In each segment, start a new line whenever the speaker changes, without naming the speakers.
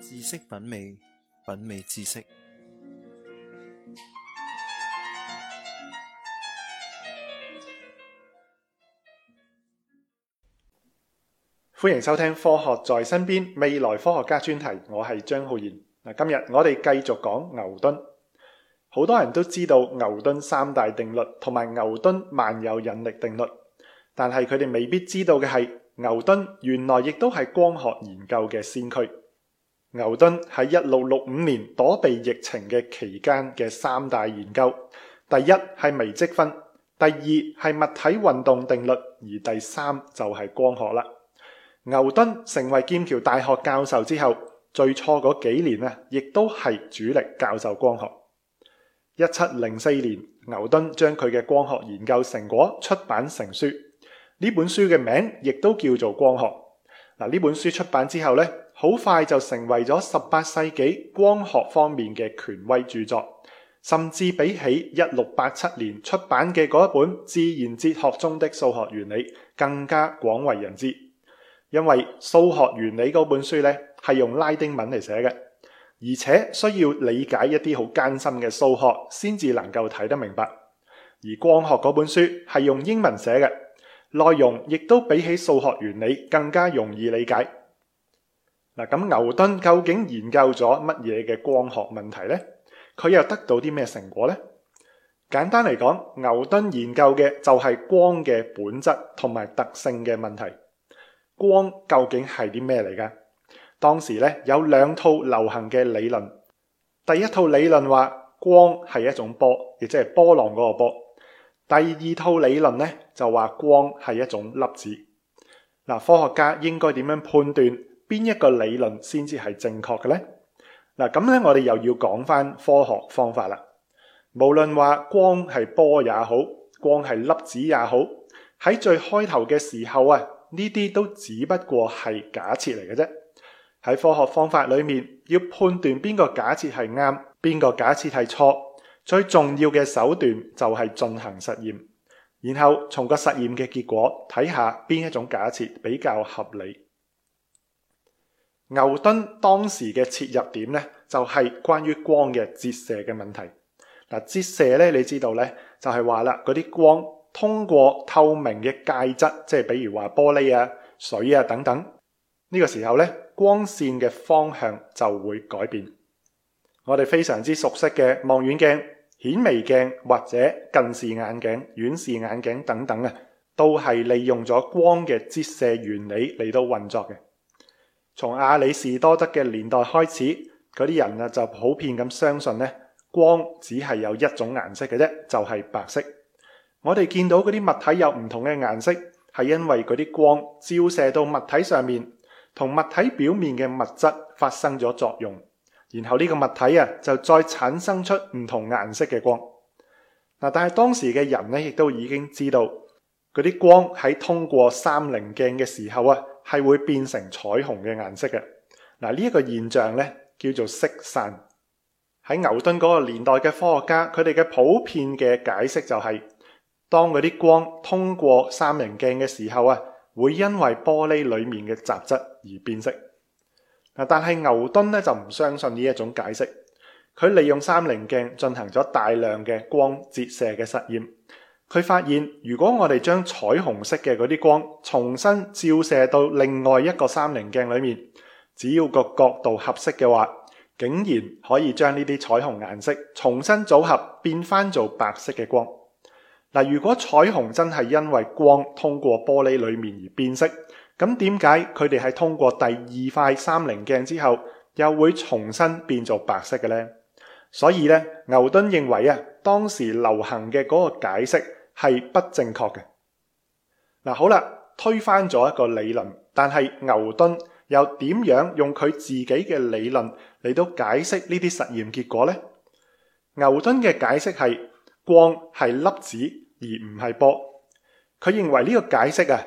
知識品味，品味知識。歡迎收聽《科學在身邊》未來科學家專題，我係張浩然。嗱，今日我哋繼續講牛頓。好多人都知道牛頓三大定律同埋牛頓萬有引力定律，但係佢哋未必知道嘅係。牛頓原來亦都係光學研究嘅先驅。牛頓喺一六六五年躲避疫情嘅期間嘅三大研究，第一係微積分，第二係物體運動定律，而第三就係光學啦。牛頓成為劍橋大學教授之後，最初嗰幾年呀，亦都係主力教授光學。一七零四年，牛頓將佢嘅光學研究成果出版成書。呢本書嘅名亦都叫做《光學》嗱。呢本書出版之後咧，好快就成為咗十八世紀光學方面嘅權威著作，甚至比起一六八七年出版嘅嗰一本《自然哲學中的數學原理》更加廣為人知。因為數學原理嗰本書咧，係用拉丁文嚟寫嘅，而且需要理解一啲好艱深嘅數學先至能夠睇得明白。而光學嗰本書係用英文寫嘅。內容亦都比起數學原理更加容易理解。嗱，咁牛頓究竟研究咗乜嘢嘅光學問題呢？佢又得到啲咩成果呢？簡單嚟講，牛頓研究嘅就係光嘅本質同埋特性嘅問題。光究竟係啲咩嚟㗎？當時咧有兩套流行嘅理論。第一套理論話光係一種波，亦即係波浪嗰個波。第二套理論咧就話光係一種粒子。嗱，科學家應該點樣判斷邊一個理論先至係正確嘅呢？嗱，咁咧我哋又要講翻科學方法啦。無論話光係波也好，光係粒子也好，喺最開頭嘅時候啊，呢啲都只不過係假設嚟嘅啫。喺科學方法裏面，要判斷邊個假設係啱，邊個假設係錯。最重要嘅手段就係進行實驗，然後從個實驗嘅結果睇下邊一種假設比較合理。牛頓當時嘅切入點咧，就係關於光嘅折射嘅問題。嗱，折射咧，你知道咧，就係話啦，嗰啲光通過透明嘅介質，即係比如話玻璃啊、水啊等等，呢個時候咧，光線嘅方向就會改變。我哋非常之熟悉嘅望遠鏡、顯微鏡或者近視眼鏡、遠視眼鏡等等啊，都係利用咗光嘅折射原理嚟到運作嘅。從阿里士多德嘅年代開始，嗰啲人啊就普遍咁相信咧，光只係有一種顏色嘅啫，就係、是、白色。我哋見到嗰啲物體有唔同嘅顏色，係因為嗰啲光照射到物體上面，同物體表面嘅物質發生咗作用。然後呢個物體啊，就再產生出唔同顏色嘅光嗱。但係當時嘅人咧，亦都已經知道嗰啲光喺通過三稜鏡嘅時候啊，係會變成彩虹嘅顏色嘅嗱。呢一個現象咧叫做色散。喺牛頓嗰個年代嘅科學家，佢哋嘅普遍嘅解釋就係，當嗰啲光通過三稜鏡嘅時候啊，會因為玻璃裏面嘅雜質而變色。但係牛頓咧就唔相信呢一種解釋，佢利用三棱鏡進行咗大量嘅光折射嘅實驗，佢發現如果我哋將彩虹色嘅嗰啲光重新照射到另外一個三棱鏡裏面，只要個角度合適嘅話，竟然可以將呢啲彩虹顏色重新組合變翻做白色嘅光。嗱，如果彩虹真係因為光通過玻璃裏面而變色，咁點解佢哋係通過第二塊三棱鏡之後，又會重新變做白色嘅呢？所以呢，牛頓認為啊，當時流行嘅嗰個解釋係不正確嘅。嗱，好啦，推翻咗一個理論，但係牛頓又點樣用佢自己嘅理論嚟到解釋呢啲實驗結果呢？牛頓嘅解釋係光係粒子而唔係波。佢認為呢個解釋啊。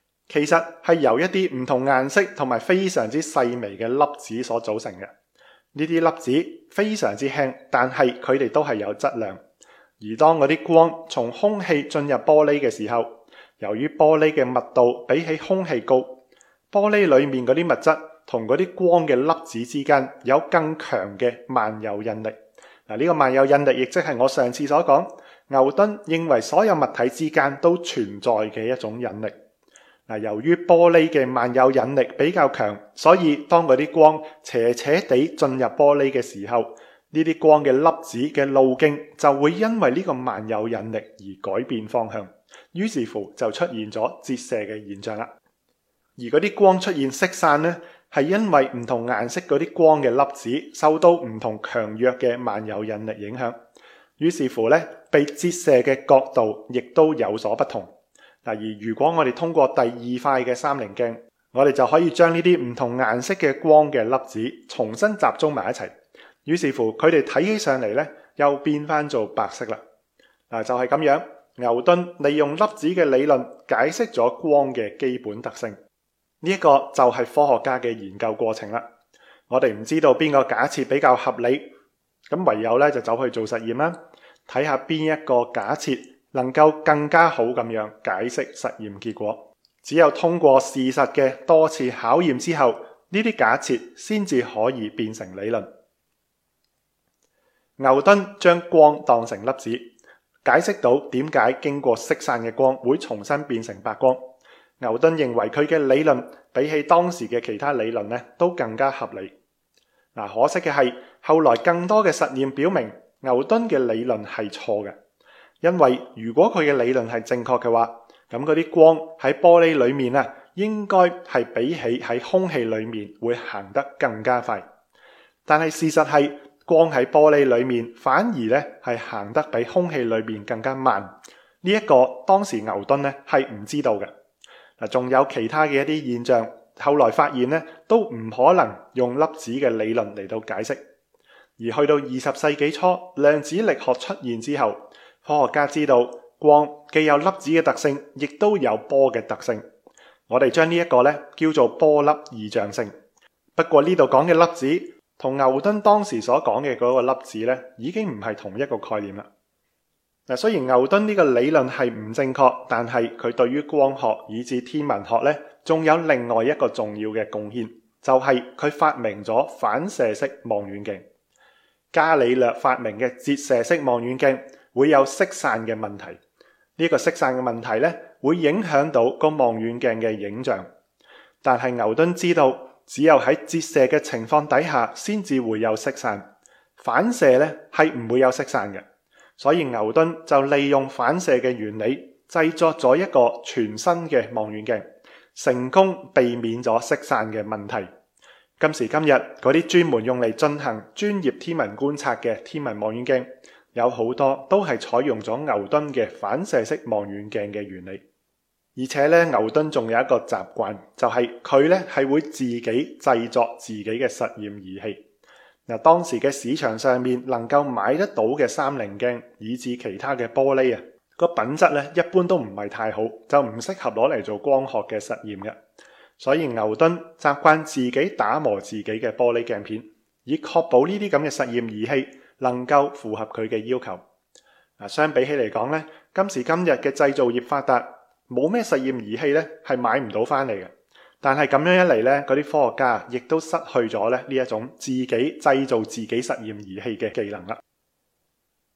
其實係由一啲唔同顏色同埋非常之細微嘅粒子所組成嘅。呢啲粒子非常之輕，但係佢哋都係有質量。而當嗰啲光從空氣進入玻璃嘅時候，由於玻璃嘅密度比起空氣高，玻璃裏面嗰啲物質同嗰啲光嘅粒子之間有更強嘅萬有引力。嗱，呢個萬有引力亦即係我上次所講，牛頓認為所有物體之間都存在嘅一種引力。嗱，由於玻璃嘅萬有引力比較強，所以當嗰啲光斜斜地進入玻璃嘅時候，呢啲光嘅粒子嘅路徑就會因為呢個萬有引力而改變方向，於是乎就出現咗折射嘅現象啦。而嗰啲光出現色散呢，係因為唔同顏色嗰啲光嘅粒子受到唔同強弱嘅萬有引力影響，於是乎呢，被折射嘅角度亦都有所不同。嗱，而如果我哋通過第二塊嘅三棱鏡，我哋就可以將呢啲唔同顏色嘅光嘅粒子重新集中埋一齊，於是乎佢哋睇起上嚟，咧，又變翻做白色啦。嗱，就係咁樣，牛頓利用粒子嘅理論解釋咗光嘅基本特性。呢一個就係科學家嘅研究過程啦。我哋唔知道邊個假設比較合理，咁唯有咧，就走去做實驗啦，睇下邊一個假設。能夠更加好咁樣解釋實驗結果，只有通過事實嘅多次考驗之後，呢啲假設先至可以變成理論。牛頓將光當成粒子，解釋到點解經過色散嘅光會重新變成白光。牛頓認為佢嘅理論比起當時嘅其他理論呢都更加合理。嗱，可惜嘅係，後來更多嘅實驗表明牛頓，牛頓嘅理論係錯嘅。因為如果佢嘅理論係正確嘅話，咁嗰啲光喺玻璃裏面啊，應該係比起喺空氣裏面會行得更加快。但係事實係，光喺玻璃裏面反而咧係行得比空氣裏面更加慢。呢一個當時牛頓咧係唔知道嘅嗱，仲有其他嘅一啲現象，後來發現咧都唔可能用粒子嘅理論嚟到解釋。而去到二十世紀初，量子力學出現之後。科學家知道，光既有粒子嘅特性，亦都有波嘅特性。我哋將呢一個咧叫做波粒二象性。不過呢度講嘅粒子同牛頓當時所講嘅嗰個粒子咧，已經唔係同一個概念啦。嗱，雖然牛頓呢個理論係唔正確，但係佢對於光學以至天文學咧，仲有另外一個重要嘅貢獻，就係、是、佢發明咗反射式望遠鏡。伽利略發明嘅折射式望遠鏡，會有色散嘅問題，呢個色散嘅問題呢，會影響到個望遠鏡嘅影像。但係牛頓知道，只有喺折射嘅情況底下，先至會有色散。反射呢，係唔會有色散嘅，所以牛頓就利用反射嘅原理，製作咗一個全新嘅望遠鏡，成功避免咗色散嘅問題。今時今日，嗰啲專門用嚟進行專業天文觀察嘅天文望遠鏡。有好多都係採用咗牛頓嘅反射式望遠鏡嘅原理，而且咧牛頓仲有一個習慣，就係佢咧係會自己製作自己嘅實驗儀器。嗱，當時嘅市場上面能夠買得到嘅三棱鏡以至其他嘅玻璃啊，個品質咧一般都唔係太好，就唔適合攞嚟做光學嘅實驗嘅。所以牛頓習慣自己打磨自己嘅玻璃鏡片，以確保呢啲咁嘅實驗儀器能夠符合佢嘅要求。嗱，相比起嚟講咧，今時今日嘅製造業發達，冇咩實驗儀器咧係買唔到翻嚟嘅。但係咁樣一嚟咧，嗰啲科學家亦都失去咗咧呢一種自己製造自己實驗儀器嘅技能啦。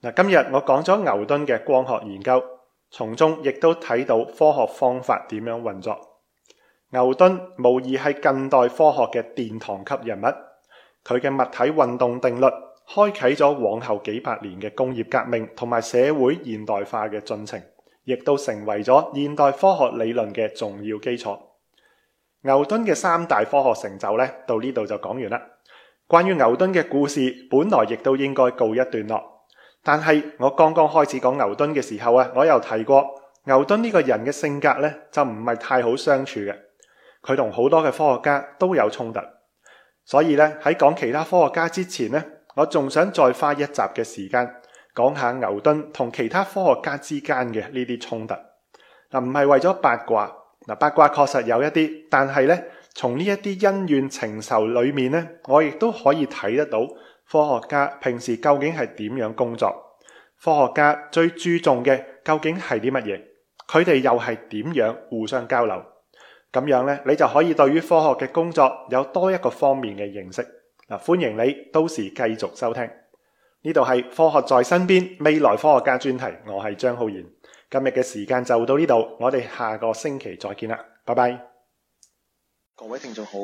嗱，今日我講咗牛頓嘅光學研究，從中亦都睇到科學方法點樣運作。牛頓無疑係近代科學嘅殿堂級人物，佢嘅物體運動定律。開啟咗往後幾百年嘅工業革命同埋社會現代化嘅進程，亦都成為咗現代科學理論嘅重要基礎。牛頓嘅三大科學成就呢，到呢度就講完啦。關於牛頓嘅故事，本來亦都應該告一段落。但係我剛剛開始講牛頓嘅時候啊，我有提過牛頓呢個人嘅性格呢，就唔係太好相處嘅。佢同好多嘅科學家都有衝突，所以呢，喺講其他科學家之前呢，我仲想再花一集嘅時間講下牛頓同其他科學家之間嘅呢啲衝突。嗱，唔係為咗八卦。嗱，八卦確實有一啲，但係呢，從呢一啲恩怨情仇裏面呢，我亦都可以睇得到科學家平時究竟係點樣工作。科學家最注重嘅究竟係啲乜嘢？佢哋又係點樣互相交流？咁樣呢，你就可以對於科學嘅工作有多一個方面嘅認識。嗱，歡迎你，到時繼續收聽。呢度係科學在身邊未來科學家專題，我係張浩然。今日嘅時間就到呢度，我哋下個星期再見啦，拜拜。各位聽眾好，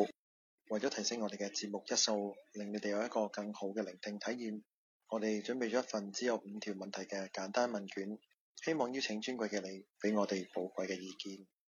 為咗提升我哋嘅節目質素，令你哋有一個更好嘅聆聽體驗，我哋準備咗一份只有五條問題嘅簡單問卷，希望邀請尊貴嘅你俾我哋寶貴嘅意見。